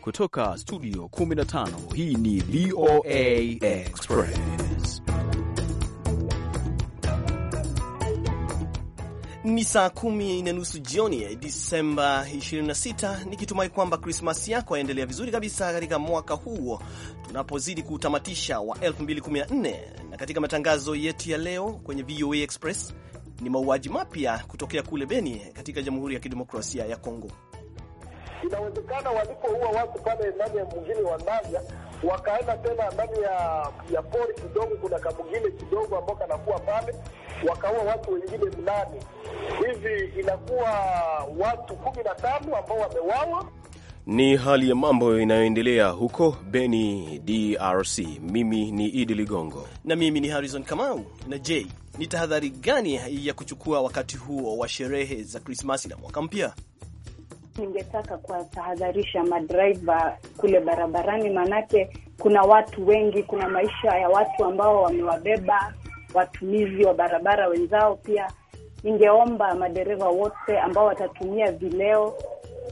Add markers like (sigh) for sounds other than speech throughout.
Kutoka studio 15 hii ni VOA Express. Ni saa kumi na nusu jioni Disemba 26, nikitumai kwamba Krismasi yako yaendelea vizuri kabisa katika mwaka huo tunapozidi kuutamatisha wa 2014. Na katika matangazo yetu ya leo kwenye VOA Express ni mauaji mapya kutokea kule Beni katika Jamhuri ya Kidemokrasia ya Kongo inawezekana walipoua watu pale ndani ya mwingine wa Ndavya wakaenda tena ndani ya ya pori kidogo, kuna kamwingine kidogo ambao kanakuwa pale, wakaua watu wengine mnane hivi, inakuwa watu kumi na tano ambao wamewawa. Ni hali ya mambo inayoendelea huko Beni, DRC. Mimi ni Idi Ligongo na mimi ni Harrison Kamau. Na je, ni tahadhari gani ya kuchukua wakati huo wa sherehe za Krismasi na mwaka mpya? Ningetaka kuwatahadharisha madraiva kule barabarani, maanake kuna watu wengi, kuna maisha ya watu ambao wamewabeba watumizi wa barabara wenzao. Pia ningeomba madereva wote ambao watatumia vileo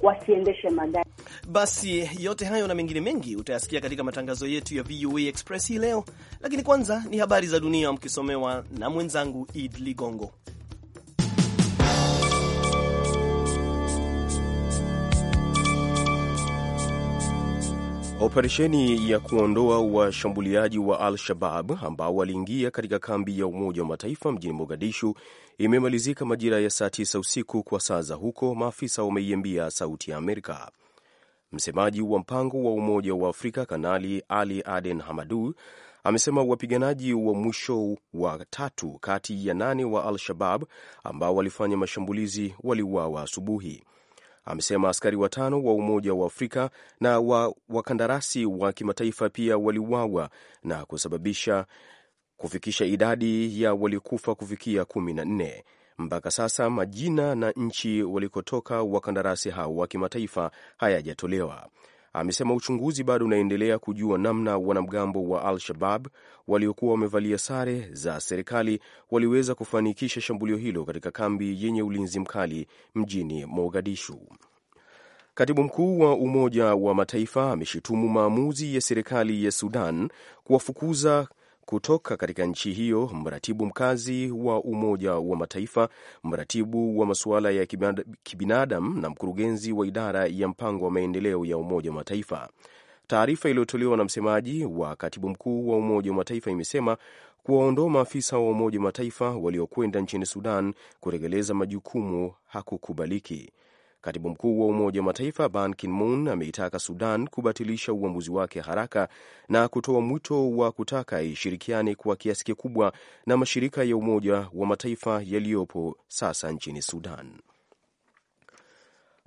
wasiendeshe magari. Basi yote hayo na mengine mengi utayasikia katika matangazo yetu ya VOA e Express hii leo, lakini kwanza ni habari za dunia mkisomewa na mwenzangu Id Ligongo. Operesheni ya kuondoa washambuliaji wa, wa Al-Shabab ambao waliingia katika kambi ya Umoja wa Mataifa mjini Mogadishu imemalizika majira ya saa tisa usiku kwa saa za huko, maafisa wameiambia Sauti ya Amerika. Msemaji wa mpango wa Umoja wa Afrika Kanali Ali Aden Hamadu amesema wapiganaji wa mwisho wa tatu kati ya nane wa Al-Shabab ambao walifanya mashambulizi waliuawa asubuhi amesema askari watano wa Umoja wa Afrika na wa wakandarasi wa kimataifa pia waliuawa na kusababisha kufikisha idadi ya waliokufa kufikia kumi na nne. Mpaka sasa majina na nchi walikotoka wakandarasi hao wa kimataifa hayajatolewa amesema uchunguzi bado unaendelea kujua namna wanamgambo wa Al-Shabab waliokuwa wamevalia sare za serikali waliweza kufanikisha shambulio hilo katika kambi yenye ulinzi mkali mjini Mogadishu. Katibu mkuu wa Umoja wa Mataifa ameshutumu maamuzi ya serikali ya Sudan kuwafukuza kutoka katika nchi hiyo, mratibu mkazi wa Umoja wa Mataifa, mratibu wa masuala ya kibinadamu na mkurugenzi wa idara ya mpango wa maendeleo ya Umoja wa Mataifa. Taarifa iliyotolewa na msemaji wa katibu mkuu wa Umoja wa Mataifa imesema kuwaondoa maafisa wa Umoja wa Mataifa waliokwenda nchini Sudan kutekeleza majukumu hakukubaliki. Katibu mkuu wa Umoja wa Mataifa Ban Ki-moon ameitaka Sudan kubatilisha uamuzi wake haraka na kutoa mwito wa kutaka ishirikiane kwa kiasi kikubwa na mashirika ya Umoja wa Mataifa yaliyopo sasa nchini Sudan.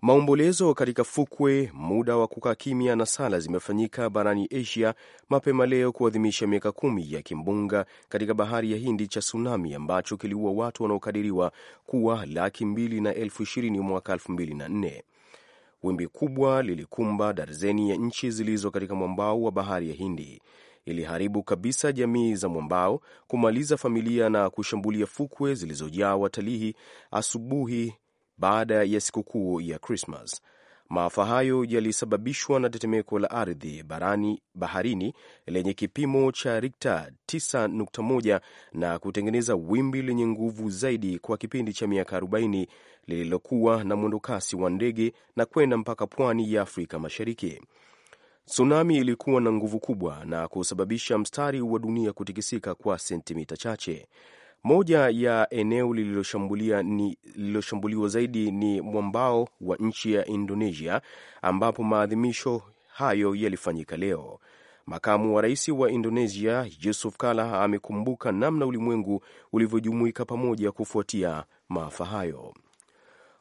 Maombolezo katika fukwe, muda wa kukaa kimya na sala zimefanyika barani Asia mapema leo kuadhimisha miaka kumi ya kimbunga katika bahari ya Hindi cha tsunami ambacho kiliua watu wanaokadiriwa kuwa laki mbili na elfu ishirini mwaka elfu mbili na nne. Wimbi kubwa lilikumba darzeni ya nchi zilizo katika mwambao wa bahari ya Hindi. Iliharibu kabisa jamii za mwambao, kumaliza familia na kushambulia fukwe zilizojaa watalii asubuhi baada ya sikukuu ya Krismas. Maafa hayo yalisababishwa na tetemeko la ardhi barani baharini lenye kipimo cha Rikta 9.1 na kutengeneza wimbi lenye nguvu zaidi kwa kipindi cha miaka 40 lililokuwa na mwendokasi wa ndege na kwenda mpaka pwani ya Afrika Mashariki. Tsunami ilikuwa na nguvu kubwa na kusababisha mstari wa dunia kutikisika kwa sentimita chache. Moja ya eneo lililoshambuliwa zaidi ni mwambao wa nchi ya Indonesia ambapo maadhimisho hayo yalifanyika leo. Makamu wa rais wa Indonesia Yusuf Kala amekumbuka namna ulimwengu ulivyojumuika pamoja kufuatia maafa hayo.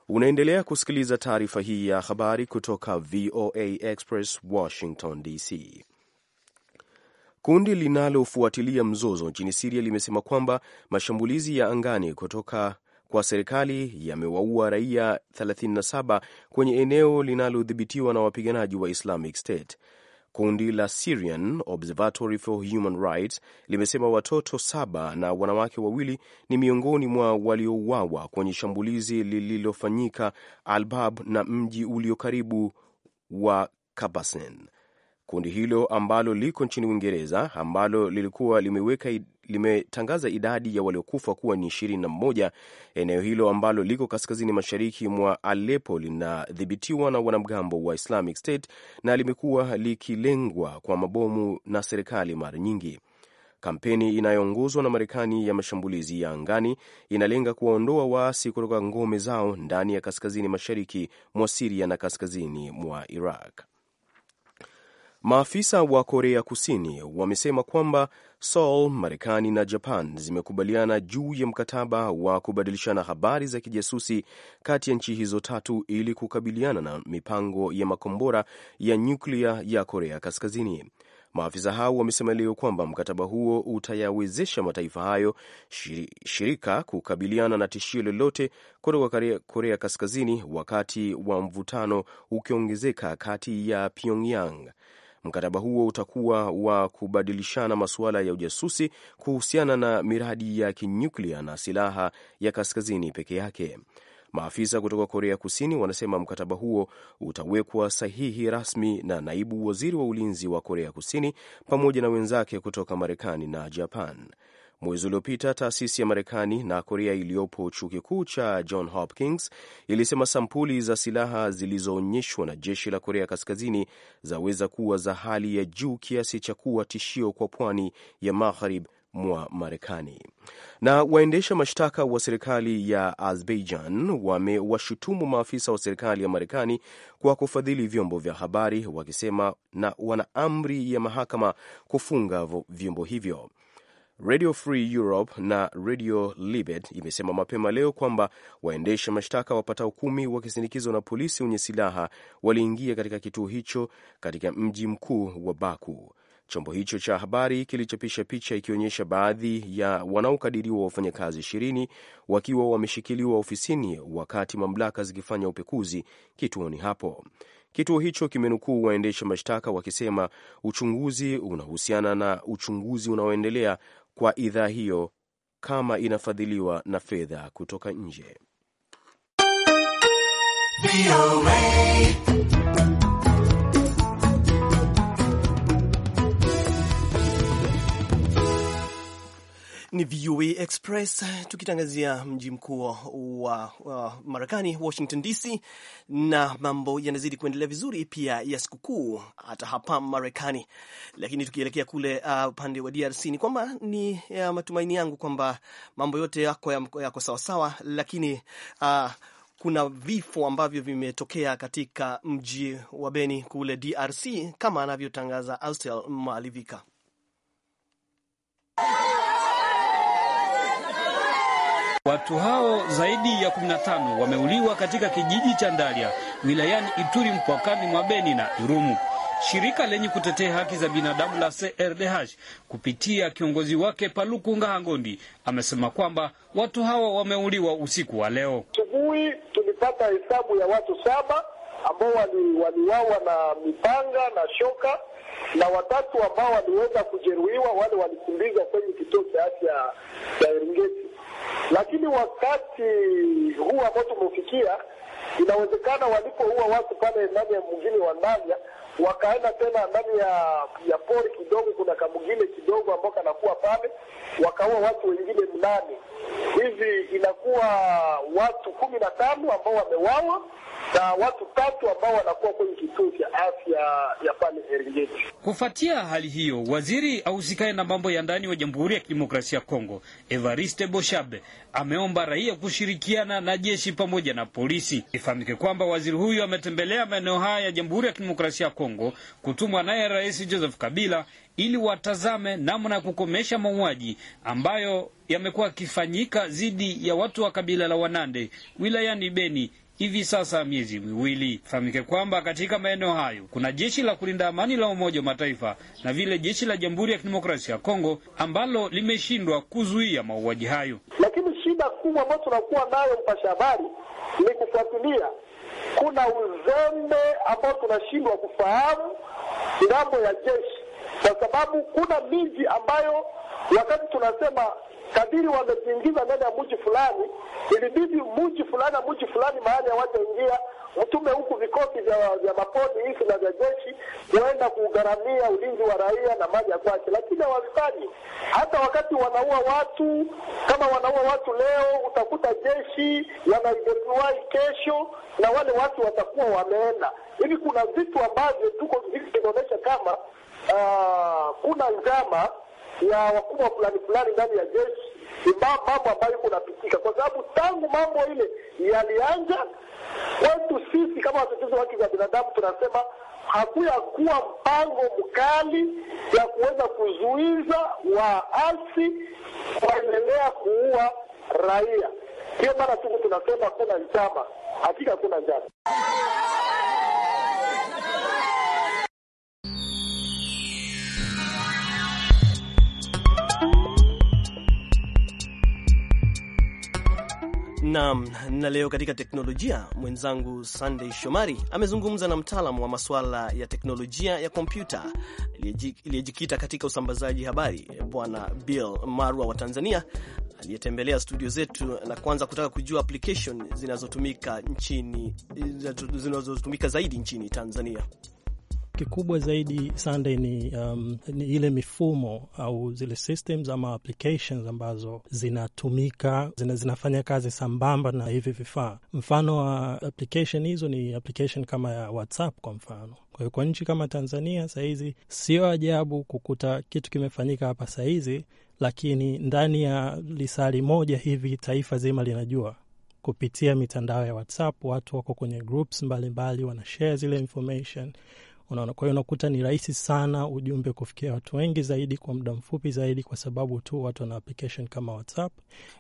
Unaendelea kusikiliza taarifa hii ya habari kutoka VOA Express, Washington DC. Kundi linalofuatilia mzozo nchini Siria limesema kwamba mashambulizi ya angani kutoka kwa serikali yamewaua raia 37 kwenye eneo linalodhibitiwa na wapiganaji wa Islamic State. Kundi la Syrian Observatory for Human Rights limesema watoto saba na wanawake wawili ni miongoni mwa waliouawa kwenye shambulizi lililofanyika Albab na mji ulio karibu wa Kabasen. Kundi hilo ambalo liko nchini Uingereza, ambalo lilikuwa limeweka limetangaza idadi ya waliokufa kuwa ni 21. Eneo hilo ambalo liko kaskazini mashariki mwa Aleppo linadhibitiwa na wanamgambo wa Islamic State na limekuwa likilengwa kwa mabomu na serikali mara nyingi. Kampeni inayoongozwa na Marekani ya mashambulizi ya angani inalenga kuwaondoa waasi kutoka ngome zao ndani ya kaskazini mashariki mwa Siria na kaskazini mwa Iraq. Maafisa wa Korea Kusini wamesema kwamba Seoul, Marekani na Japan zimekubaliana juu ya mkataba wa kubadilishana habari za kijasusi kati ya nchi hizo tatu ili kukabiliana na mipango ya makombora ya nyuklia ya Korea Kaskazini. Maafisa hao wamesema leo kwamba mkataba huo utayawezesha mataifa hayo shirika kukabiliana na tishio lolote kutoka Korea Kaskazini wakati wa mvutano ukiongezeka kati ya Pyongyang Mkataba huo utakuwa wa kubadilishana masuala ya ujasusi kuhusiana na miradi ya kinyuklia na silaha ya kaskazini peke yake. Maafisa kutoka Korea Kusini wanasema mkataba huo utawekwa sahihi rasmi na naibu waziri wa ulinzi wa Korea Kusini pamoja na wenzake kutoka Marekani na Japan. Mwezi uliopita taasisi ya Marekani na Korea iliyopo chuo kikuu cha John Hopkins ilisema sampuli za silaha zilizoonyeshwa na jeshi la Korea Kaskazini zaweza kuwa za hali ya juu kiasi cha kuwa tishio kwa pwani ya magharibi mwa Marekani. Na waendesha mashtaka wa serikali ya Azerbaijan wamewashutumu maafisa wa serikali ya Marekani kwa kufadhili vyombo vya habari, wakisema na wana amri ya mahakama kufunga vyombo hivyo. Radio Free Europe na Radio Libet imesema mapema leo kwamba waendesha mashtaka wapatao kumi wakisindikizwa na polisi wenye silaha waliingia katika kituo hicho katika mji mkuu wa Baku. Chombo hicho cha habari kilichapisha picha ikionyesha baadhi ya wanaokadiriwa wafanyakazi ishirini wakiwa wameshikiliwa ofisini wakati mamlaka zikifanya upekuzi kituoni hapo. Kituo hicho kimenukuu waendesha mashtaka wakisema uchunguzi unahusiana na uchunguzi unaoendelea kwa idhaa hiyo kama inafadhiliwa na fedha kutoka nje. Ni VOA Express tukitangazia mji mkuu wa, wa Marekani, Washington DC, na mambo yanazidi kuendelea vizuri pia ya sikukuu hata hapa Marekani. Lakini tukielekea kule uh, upande uh, wa DRC ni kwamba ni ya uh, matumaini yangu kwamba mambo yote yako yako ya sawasawa, lakini uh, kuna vifo ambavyo vimetokea katika mji wa Beni kule DRC kama anavyotangaza Austel Malivika. Watu hao zaidi ya 15 wameuliwa katika kijiji cha Ndalia wilayani Ituri mpakani mwa Beni na Irumu. Shirika lenye kutetea haki za binadamu la CRDH kupitia kiongozi wake Paluku Ngahangondi amesema kwamba watu hawa wameuliwa usiku wa leo. Asubuhi tulipata hesabu ya watu saba ambao waliwawa wali na mipanga na shoka na watatu ambao waliweza kujeruhiwa, wale walikimbizwa kwenye kituo cha afya cha Eringeti lakini wakati huu ambao tumefikia, inawezekana walipoua watu pale ndani ya mwingine wa Ndanya wakaenda tena ndani ya ya pori kidogo, kuna kamgine kidogo ambao kanakuwa pale, wakaua watu wengine mnane hivi, inakuwa watu kumi na tano ambao wamewawa na watu tatu ambao wanakuwa kwenye kituo cha afya ya pale Serengeti. Kufuatia hali hiyo, waziri ahusikane na mambo ya ndani wa Jamhuri ya Kidemokrasia ya Kongo Evariste Boshabe ameomba raia kushirikiana na jeshi pamoja na polisi. Ifahamike kwamba waziri huyu ametembelea maeneo haya ya Jamhuri ya Kidemokrasia ya Kongo, kutumwa naye Rais Joseph Kabila ili watazame namna ya kukomesha mauaji ambayo yamekuwa yakifanyika dhidi ya watu wa kabila la Wanande wilayani Beni hivi sasa miezi miwili. Fahamike kwamba katika maeneo hayo kuna jeshi la kulinda amani la Umoja wa Mataifa na vile jeshi la Jamhuri ya Kidemokrasia ya Kongo ambalo limeshindwa kuzuia mauaji hayo shida kubwa ambayo tunakuwa nayo mpasha habari ni kufuatilia. Kuna uzembe ambao tunashindwa kufahamu ngambo ya jeshi, kwa sababu kuna miji ambayo wakati tunasema kadiri wamejiingiza ndani ya mji fulani, ilibidi mji fulani na mji fulani mahali hawajaingia mtume huku vikosi vya mapori hivi na vya jeshi kuenda kugharamia ulinzi wa raia na mali ya kwake, lakini hawafanyi. Hata wakati wanaua watu, kama wanaua watu leo, utakuta jeshi wanaideruai kesho, na wale watu watakuwa wameenda hivi. Kuna vitu ambavyo tuko vinaonyesha kama uh, kuna njama ya wakubwa fulani fulani ndani ya jeshi, mambo ambayo kunapitika, kwa sababu tangu mambo ile yalianja Kwetu sisi kama watetezi wa haki za binadamu tunasema hakuya kuwa mpango mkali ya kuweza kuzuiza waasi kuendelea kuua raia. Ndiyo maana tuku tunasema kuna njama, hakika kuna njama. Naam, na leo katika teknolojia, mwenzangu sandey Shomari amezungumza na mtaalamu wa masuala ya teknolojia ya kompyuta iliyojikita katika usambazaji habari, Bwana Bill Marwa wa Tanzania, aliyetembelea studio zetu na kwanza kutaka kujua application zinazotumika nchini zinazotumika zaidi nchini Tanzania. Kikubwa zaidi Sunday ni, um, ni ile mifumo au zile systems ama applications ambazo zinatumika zina, zinafanya kazi sambamba na hivi vifaa. Mfano wa application hizo ni application kama ya WhatsApp kwa mfano. Kwa hiyo kwa nchi kama Tanzania sahizi, sio ajabu kukuta kitu kimefanyika hapa sahizi, lakini ndani ya lisali moja hivi taifa zima linajua kupitia mitandao ya WhatsApp. Watu wako kwenye groups mbalimbali, wanashare zile information Unaona, kwa hiyo unakuta ni rahisi sana ujumbe kufikia watu wengi zaidi kwa muda mfupi zaidi, kwa sababu tu watu wana application kama WhatsApp.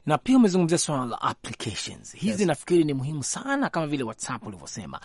Na pia umezungumzia swala la applications hizi, yes. Nafikiri ni muhimu sana kama vile WhatsApp ulivyosema.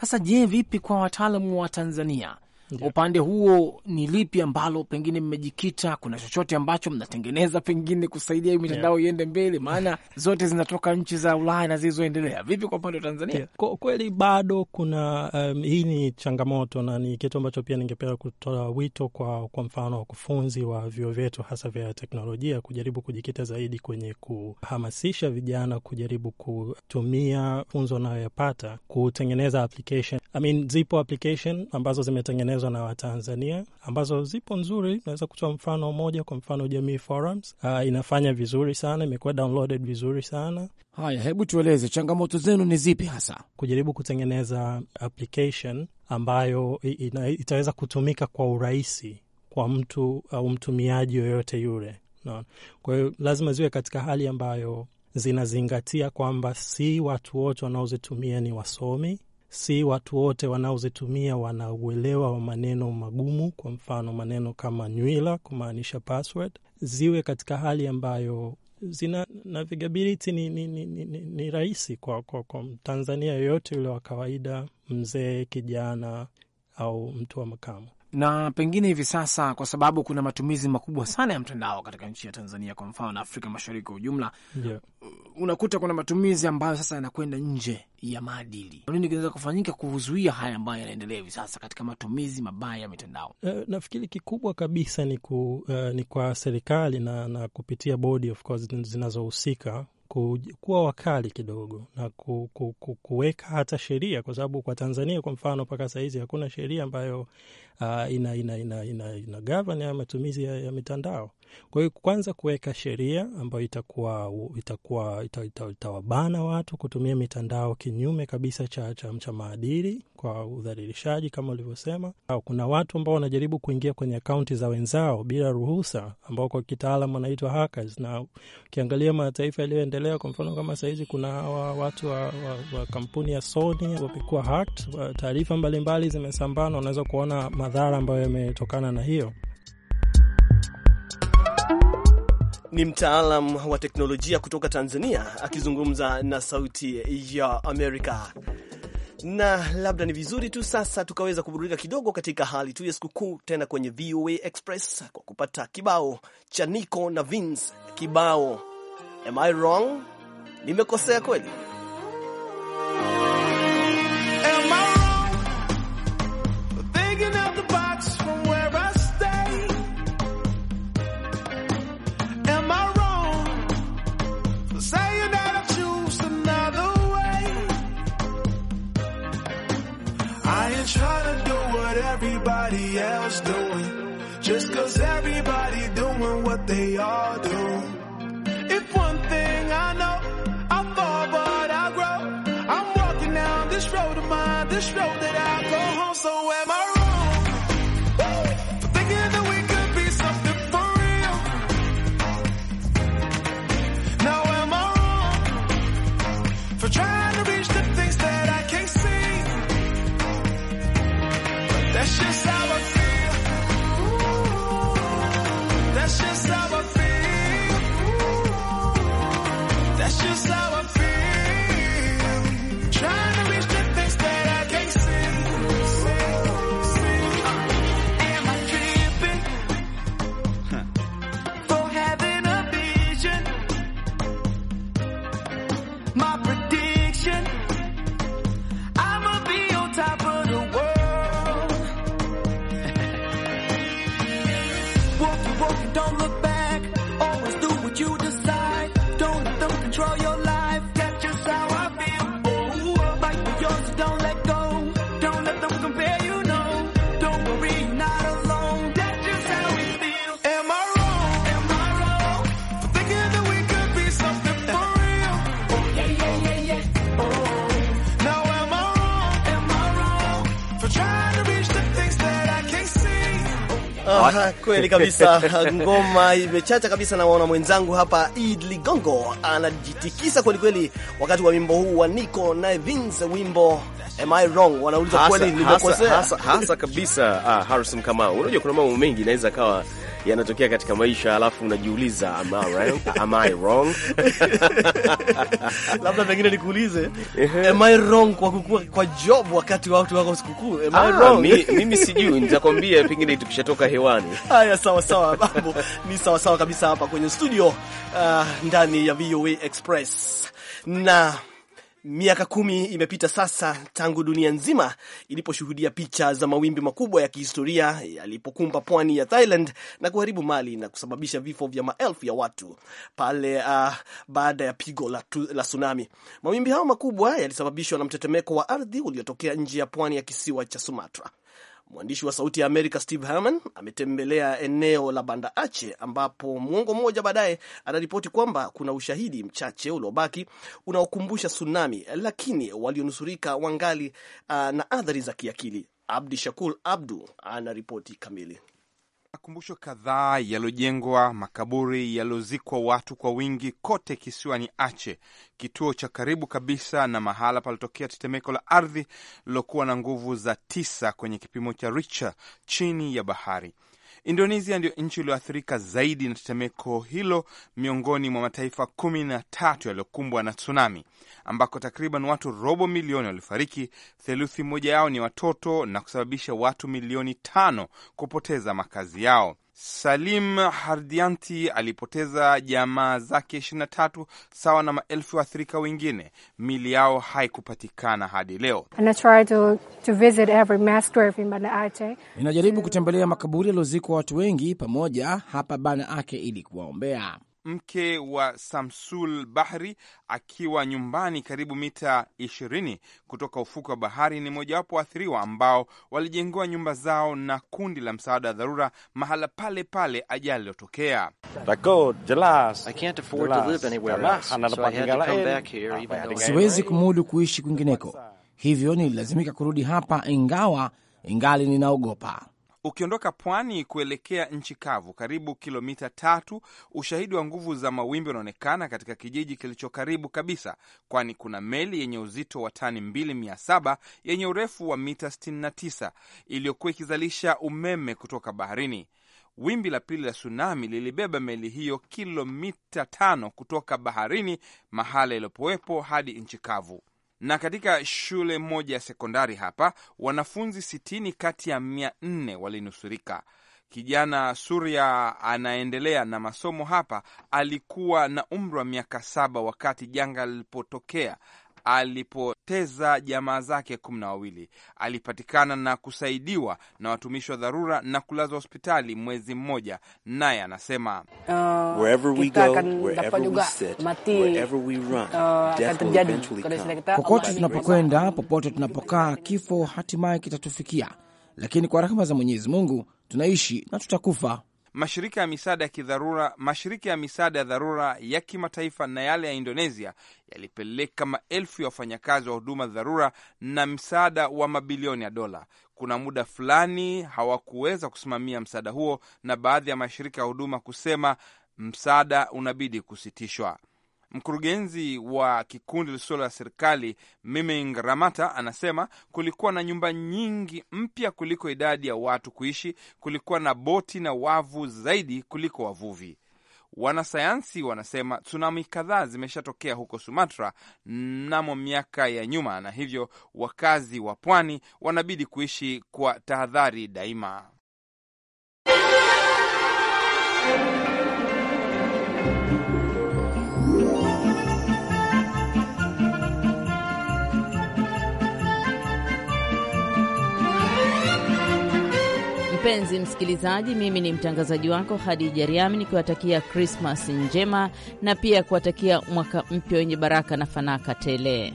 Sasa je, vipi kwa wataalamu wa Tanzania? yeah. Upande huo ni lipi ambalo pengine mmejikita? Kuna chochote ambacho mnatengeneza pengine kusaidia hii mitandao yeah. iende mbele? Maana zote zinatoka nchi za Ulaya na zilizoendelea. Vipi kwa upande wa Tanzania? yeah. Kwa kweli bado kuna um, hii ni changamoto na ni kitu ambacho pia ningependa kutoa wito kwa, kwa mfano wakufunzi wa vyuo vyetu hasa vya teknolojia kujaribu kujikita zaidi kwenye kuhamasisha vijana kujaribu kutumia funzo anayoyapata kutengeneza application. I mean, zipo application ambazo zimetengenezwa zinazoongozwa na Watanzania ambazo zipo nzuri. Naweza kutoa mfano moja, kwa mfano Jamii Forums uh, inafanya vizuri sana, imekuwa downloaded vizuri sana. Haya, hebu tueleze changamoto zenu ni zipi hasa? Kujaribu kutengeneza application ambayo itaweza kutumika kwa urahisi kwa mtu au mtumiaji yoyote yule no. Kwa hiyo lazima ziwe katika hali ambayo zinazingatia kwamba si watu wote wanaozitumia ni wasomi si watu wote wanaozitumia wana uelewa wa maneno magumu. Kwa mfano, maneno kama nywila kumaanisha password ziwe katika hali ambayo zina navigability ni, ni, ni, ni, ni rahisi kwa, kwa, kwa Mtanzania yoyote yule wa kawaida, mzee, kijana au mtu wa makamo na pengine hivi sasa, kwa sababu kuna matumizi makubwa sana ya mtandao katika nchi ya Tanzania kwa mfano na Afrika Mashariki kwa ujumla, yeah. Uh, unakuta kuna matumizi ambayo sasa yanakwenda nje ya maadili. Nini kinaweza kufanyika kuzuia haya ambayo yanaendelea hivi sasa katika matumizi mabaya ya mitandao? Uh, nafikiri kikubwa kabisa ni, ku, uh, ni kwa serikali na, na kupitia bodi of course zinazohusika kuwa wakali kidogo na ku, ku, ku, kuweka hata sheria, kwa sababu kwa Tanzania kwa mfano mpaka sahizi hakuna sheria ambayo uh, ina, ina, ina, ina, ina govern ya matumizi ya, ya mitandao. Kwa hiyo kwanza kuweka sheria ambayo itakuwa itakuwa itawabana watu kutumia mitandao kinyume kabisa cha, cha, cha maadili kwa udhalilishaji kama ulivyosema. Kuna watu ambao wanajaribu kuingia kwenye akaunti za wenzao bila ruhusa, ambao kwa kitaalam wanaitwa hackers, na ukiangalia mataifa yaliyoendelea, kwa mfano kama sahizi kuna hawa watu wa, wa, wa kampuni ya Sony wamekuwa hacked, taarifa mbalimbali zimesambana, unaweza kuona madhara ambayo yametokana na hiyo. ni mtaalam wa teknolojia kutoka Tanzania akizungumza na Sauti ya Amerika. Na labda ni vizuri tu sasa tukaweza kuburudika kidogo katika hali tu ya sikukuu, tena kwenye VOA Express kwa kupata kibao cha Nico na Vince, kibao Am I Wrong, nimekosea kweli? I ain't trying to do what everybody else do. My sawa kweli (laughs) kabisa. Ngoma imechacha kabisa, na waona mwenzangu hapa Id Ligongo anajitikisa kweli kweli wakati wa wimbo huu wa Nico na Vince, wimbo Am I Wrong? Wanauliza kweli nimekosea hasa kabisa. Ah, Harrison Kamau, unajua kuna mambo mengi inaweza kawa yanatokea katika maisha, alafu unajiuliza am I wrong? Am I wrong? (laughs) Labda pengine nikuulize am I wrong kwa kukua kwa job wakati watu wako sikukuu? Am I ah, wrong? Mi, mimi sijui, nitakwambia pengine tukishatoka hewani. (laughs) Haya, sawa sawa, mambo ni sawa sawa kabisa hapa kwenye studio uh, ndani ya VOA Express na Miaka kumi imepita sasa tangu dunia nzima iliposhuhudia picha za mawimbi makubwa ya kihistoria yalipokumba pwani ya Thailand na kuharibu mali na kusababisha vifo vya maelfu ya watu pale uh, baada ya pigo la, la tsunami. Mawimbi hayo makubwa yalisababishwa na mtetemeko wa ardhi uliotokea nje ya pwani ya kisiwa cha Sumatra. Mwandishi wa Sauti ya Amerika Steve Herman ametembelea eneo la Banda Ache ambapo mwongo mmoja baadaye anaripoti kwamba kuna ushahidi mchache uliobaki unaokumbusha tsunami, lakini walionusurika wangali uh, na athari za kiakili. Abdi Shakur Abdu anaripoti kamili. Makumbusho kadhaa yaliyojengwa, makaburi yaliyozikwa watu kwa wingi kote kisiwani Ache, kituo cha karibu kabisa na mahala palitokea tetemeko la ardhi lililokuwa na nguvu za tisa kwenye kipimo cha Richter chini ya bahari. Indonesia ndiyo nchi iliyoathirika zaidi na tetemeko hilo miongoni mwa mataifa kumi na tatu yaliyokumbwa na tsunami, ambako takriban watu robo milioni walifariki, theluthi moja yao ni watoto, na kusababisha watu milioni tano kupoteza makazi yao. Salim Hardianti alipoteza jamaa zake 23 sawa na maelfu waathirika wengine. Mili yao haikupatikana hadi leo. Ninajaribu kutembelea makaburi yaliozikwa watu wengi pamoja hapa Bana Ake ili kuwaombea mke wa Samsul Bahri akiwa nyumbani karibu mita ishirini kutoka ufuko wa bahari ni mojawapo waathiriwa ambao walijengewa nyumba zao na kundi la msaada wa dharura mahala pale pale ajali iliyotokea. Siwezi kumudu kuishi kwingineko, hivyo nililazimika kurudi hapa, ingawa ingali ninaogopa. Ukiondoka pwani kuelekea nchi kavu karibu kilomita tatu, ushahidi wa nguvu za mawimbi unaonekana katika kijiji kilicho karibu kabisa, kwani kuna meli yenye uzito wa tani 27 yenye urefu wa mita 69 iliyokuwa ikizalisha umeme kutoka baharini. Wimbi la pili la tsunami lilibeba meli hiyo kilomita tano kutoka baharini, mahala ilipowepo hadi nchi kavu na katika shule moja ya sekondari hapa wanafunzi sitini kati ya mia nne walinusurika. Kijana Surya anaendelea na masomo hapa. Alikuwa na umri wa miaka saba wakati janga lilipotokea alipoteza jamaa zake kumi na wawili. Alipatikana na kusaidiwa na watumishi wa dharura na kulazwa hospitali mwezi mmoja, naye anasema uh, kokote uh, tunapokwenda, popote tunapokaa, kifo hatimaye kitatufikia, lakini kwa rahma za Mwenyezi Mungu tunaishi na tutakufa mashirika ya misaada ya kidharura, mashirika ya misaada ya dharura ya kimataifa na yale ya Indonesia yalipeleka maelfu ya wafanyakazi wa huduma dharura na msaada wa mabilioni ya dola. Kuna muda fulani hawakuweza kusimamia msaada huo, na baadhi ya mashirika ya huduma kusema msaada unabidi kusitishwa. Mkurugenzi wa kikundi lisilo la serikali Miming Ramata anasema kulikuwa na nyumba nyingi mpya kuliko idadi ya watu kuishi. Kulikuwa na boti na wavu zaidi kuliko wavuvi. Wanasayansi wanasema tsunami kadhaa zimeshatokea huko Sumatra mnamo miaka ya nyuma, na hivyo wakazi wa pwani wanabidi kuishi kwa tahadhari daima. Mpenzi msikilizaji, mimi ni mtangazaji wako Hadija Riami nikiwatakia Krismas njema na pia kuwatakia mwaka mpya wenye baraka na fanaka tele.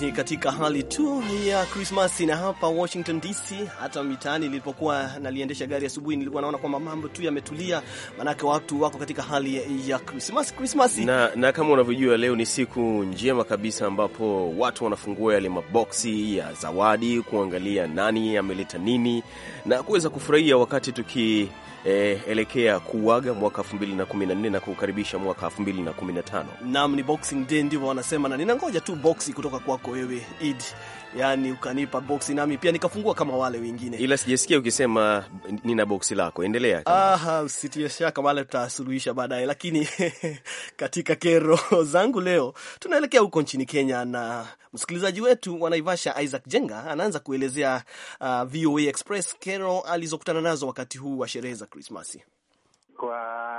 ni katika hali tu ya Krismasi na hapa Washington DC, hata mitaani nilipokuwa naliendesha gari asubuhi, nilikuwa naona kwamba mambo tu yametulia, maanake watu wako katika hali ya Krismasi Krismasi na, na kama unavyojua leo ni siku njema kabisa, ambapo watu wanafungua yale maboksi ya zawadi kuangalia nani ameleta nini na kuweza kufurahia wakati tuki eh, elekea kuuaga mwaka 2014 na kukaribisha mwaka 2015. Naam, ni Boxing Day ndivyo wanasema, na ninangoja tu boxi kutoka kwako wewe Idi yani ukanipa boksi nami pia nikafungua kama wale wengine, ila sijasikia ukisema nina boksi lako. Endelea. Aha, usitie shaka, wale tutasuluhisha baadaye, lakini (laughs) katika kero (laughs) zangu leo tunaelekea huko nchini Kenya na msikilizaji wetu wa Naivasha Isaac Jenga anaanza kuelezea uh, VOA Express kero alizokutana nazo wakati huu wa sherehe za Krismasi. Kwa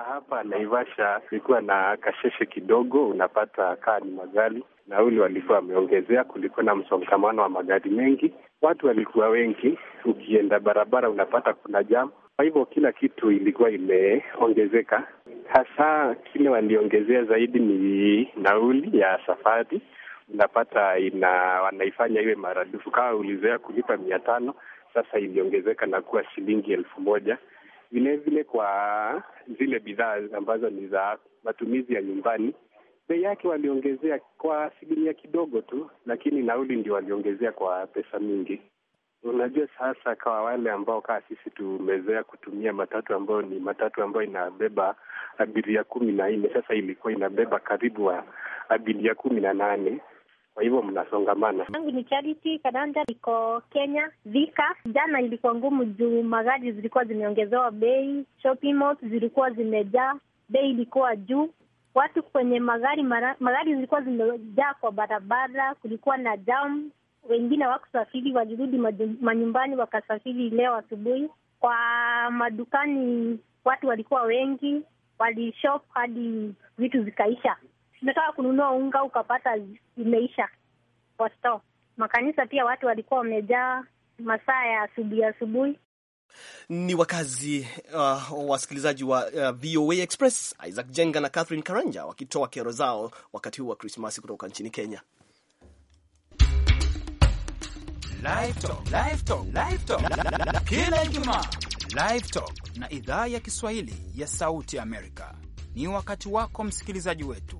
hapa Naivasha kulikuwa na kasheshe kidogo, unapata kaa ni magari nauli walikuwa wameongezea, kulikuwa na msongamano wa magari mengi, watu walikuwa wengi, ukienda barabara unapata kuna jamu. Kwa hivyo kila kitu ilikuwa imeongezeka, hasa kile waliongezea zaidi ni nauli ya safari, unapata ina wanaifanya iwe maradufu. Kama ulizoea kulipa mia tano, sasa iliongezeka na kuwa shilingi elfu moja. Vilevile kwa zile bidhaa ambazo ni za matumizi ya nyumbani, bei yake waliongezea kwa asilimia kidogo tu, lakini nauli ndio waliongezea kwa pesa mingi. Unajua, sasa kwa wale ambao kaa sisi tumezoea kutumia matatu ambayo ni matatu ambayo inabeba abiria kumi na nne, sasa ilikuwa inabeba karibu wa abiria kumi na nane kwa hivyo mnasongamana. Yangu ni Charity Kananja, iko Kenya. Vika jana ilikuwa ngumu juu magari zilikuwa zimeongezewa bei, shopping malls zilikuwa zimejaa, bei ilikuwa juu, watu kwenye magari mara, magari zilikuwa zimejaa kwa barabara, kulikuwa na jam. Wengine wakusafiri walirudi manyumbani wakasafiri leo asubuhi. Kwa madukani watu walikuwa wengi, walishop hadi vitu zikaisha umetaka kununua unga ukapata imeisha kwa store. Makanisa pia watu walikuwa wamejaa masaa ya asubuhi asubuhi. Ni wakazi uh, wasikilizaji wa uh, VOA Express, Isaac Jenga na Catherine Karanja wakitoa kero zao wakati huu wa Krismasi kutoka nchini Kenya. Kila Ijumaa Live Talk na idhaa ya Kiswahili ya Sauti Amerika, ni wakati wako msikilizaji wetu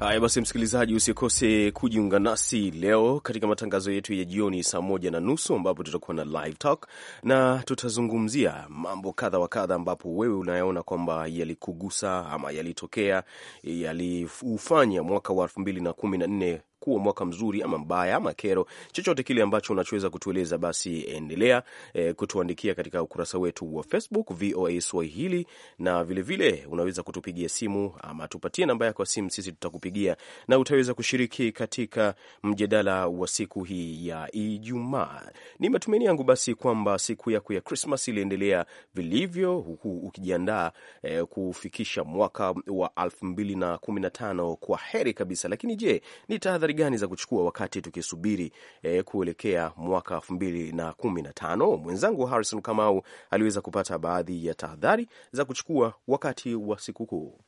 Haya basi, msikilizaji, usikose kujiunga nasi leo katika matangazo yetu ya jioni saa moja na nusu ambapo tutakuwa na live talk na tutazungumzia mambo kadha wa kadha, ambapo wewe unayaona kwamba yalikugusa ama yalitokea yaliufanya mwaka wa elfu mbili na kumi na nne kuwa mwaka mzuri ama mbaya ama kero, chochote kile ambacho unachoweza kutueleza, basi endelea e, kutuandikia katika ukurasa wetu wa Facebook VOA Swahili, na vilevile vile, unaweza kutupigia simu ama tupatie namba yako ya simu, sisi tutakupigia na utaweza kushiriki katika mjadala wa siku hii ya Ijumaa. Ni matumaini yangu basi kwamba siku yako ya Krismas iliendelea vilivyo, huku ukijiandaa e, kufikisha mwaka wa 2015 kwa heri kabisa. Lakini je, ni tahadhari tahadhari gani za kuchukua wakati tukisubiri eh, kuelekea mwaka elfu mbili na kumi na tano? Mwenzangu Harrison Kamau aliweza kupata baadhi ya tahadhari za kuchukua wakati wa sikukuu.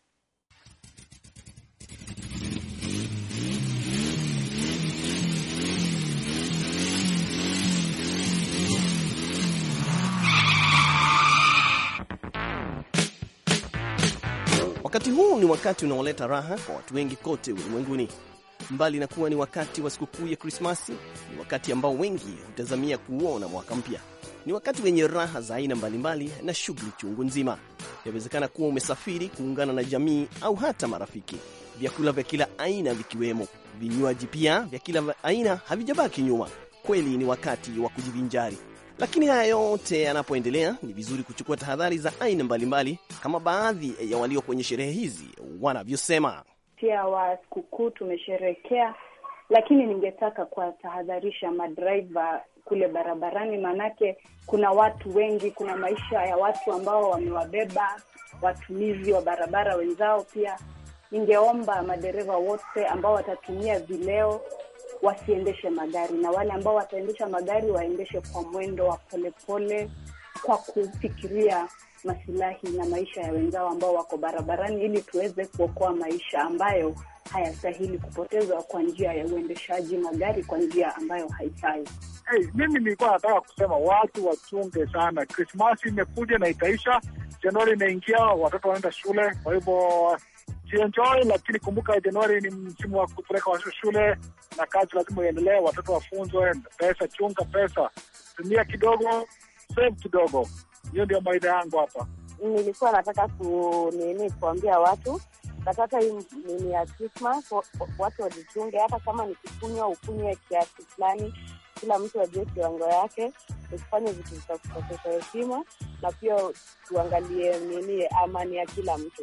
Wakati huu ni wakati unaoleta raha kwa watu wengi kote ulimwenguni. Mbali na kuwa ni wakati wa sikukuu ya Krismasi, ni wakati ambao wengi hutazamia kuona mwaka mpya. Ni wakati wenye raha za aina mbalimbali na shughuli chungu nzima. Yawezekana kuwa umesafiri kuungana na jamii au hata marafiki, vyakula vya kila aina vikiwemo vinywaji pia vya kila aina havijabaki nyuma. Kweli ni wakati wa kujivinjari, lakini haya yote yanapoendelea, ni vizuri kuchukua tahadhari za aina mbalimbali, kama baadhi ya walio kwenye sherehe hizi wanavyosema kupitia wa sikukuu tumesherekea lakini ningetaka kuwatahadharisha madraiva kule barabarani, maanake kuna watu wengi, kuna maisha ya watu ambao wamewabeba watumizi wa barabara wenzao. Pia ningeomba madereva wote ambao watatumia vileo wasiendeshe magari, na wale ambao wataendesha magari waendeshe kwa mwendo wa polepole, kwa kufikiria masilahi na maisha ya wenzao ambao wako barabarani, ili tuweze kuokoa maisha ambayo hayastahili kupotezwa kwa njia ya uendeshaji magari kwa njia ambayo haifai. Hey, mimi nilikuwa nataka kusema watu wachunge sana. Krismasi imekuja na itaisha, Januari imeingia, watoto wanaenda shule, kwa hivyo enjoy lakini kumbuka, Januari ni msimu wa kupeleka watoto shule na kazi lazima iendelee, watoto wafunzwe. Pesa, chunga pesa, tumia kidogo, save kidogo. Hiyo ndio mawaidha yangu hapa. Nilikuwa nataka ku nini kuambia watu katata hii nini ya Christmas, watu wajichunge. Hata kama ni ukunywe kiasi fulani, kila mtu ajue kiwango yake, usifanye vitu vitakukosesha heshima, na pia tuangalie nini amani ya kila mtu.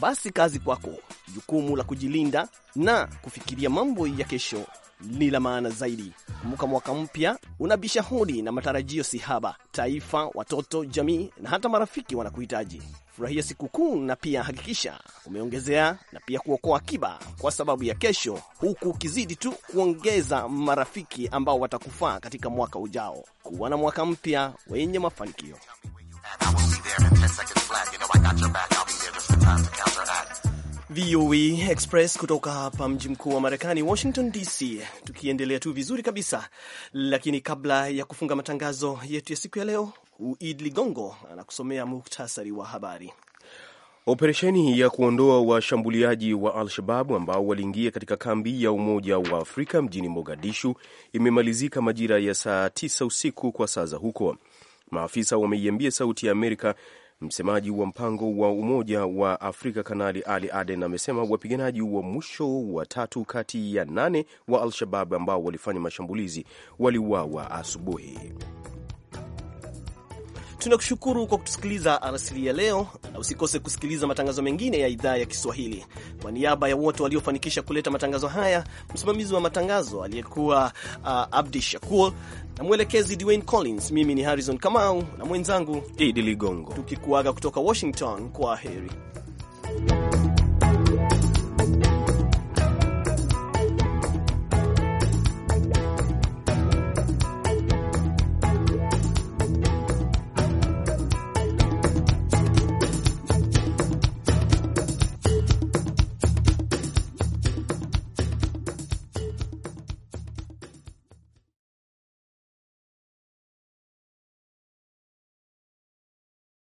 Basi kazi kwako, jukumu la kujilinda na kufikiria mambo ya kesho ni la maana zaidi. Kumbuka mwaka mpya unabisha hodi na matarajio sihaba. Taifa, watoto, jamii na hata marafiki wanakuhitaji. Furahia sikukuu na pia hakikisha umeongezea na pia kuokoa akiba kwa sababu ya kesho, huku ukizidi tu kuongeza marafiki ambao watakufaa katika mwaka ujao. Kuwa na mwaka mpya wenye mafanikio. VOA e Express kutoka hapa mji mkuu wa Marekani, Washington DC, tukiendelea tu vizuri kabisa. Lakini kabla ya kufunga matangazo yetu ya siku ya leo, Uid Ligongo anakusomea muhtasari wa habari. Operesheni ya kuondoa washambuliaji wa, wa Al-Shababu ambao waliingia katika kambi ya Umoja wa Afrika mjini Mogadishu imemalizika majira ya saa tisa usiku kwa saa za huko, maafisa wameiambia Sauti ya Amerika Msemaji wa mpango wa Umoja wa Afrika Kanali Ali Aden amesema wapiganaji wa mwisho wa tatu kati ya nane wa Al-Shabab ambao walifanya mashambulizi waliuawa asubuhi. Tunakushukuru kwa kutusikiliza alasiri ya leo, na usikose kusikiliza matangazo mengine ya idhaa ya Kiswahili. Kwa niaba ya wote waliofanikisha kuleta matangazo haya, msimamizi wa matangazo aliyekuwa uh, Abdi Shakur na mwelekezi Dwayne Collins, mimi ni Harrison Kamau na mwenzangu Idi Ligongo, tukikuaga kutoka Washington. Kwa heri.